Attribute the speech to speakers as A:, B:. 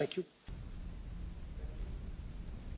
A: Thank you.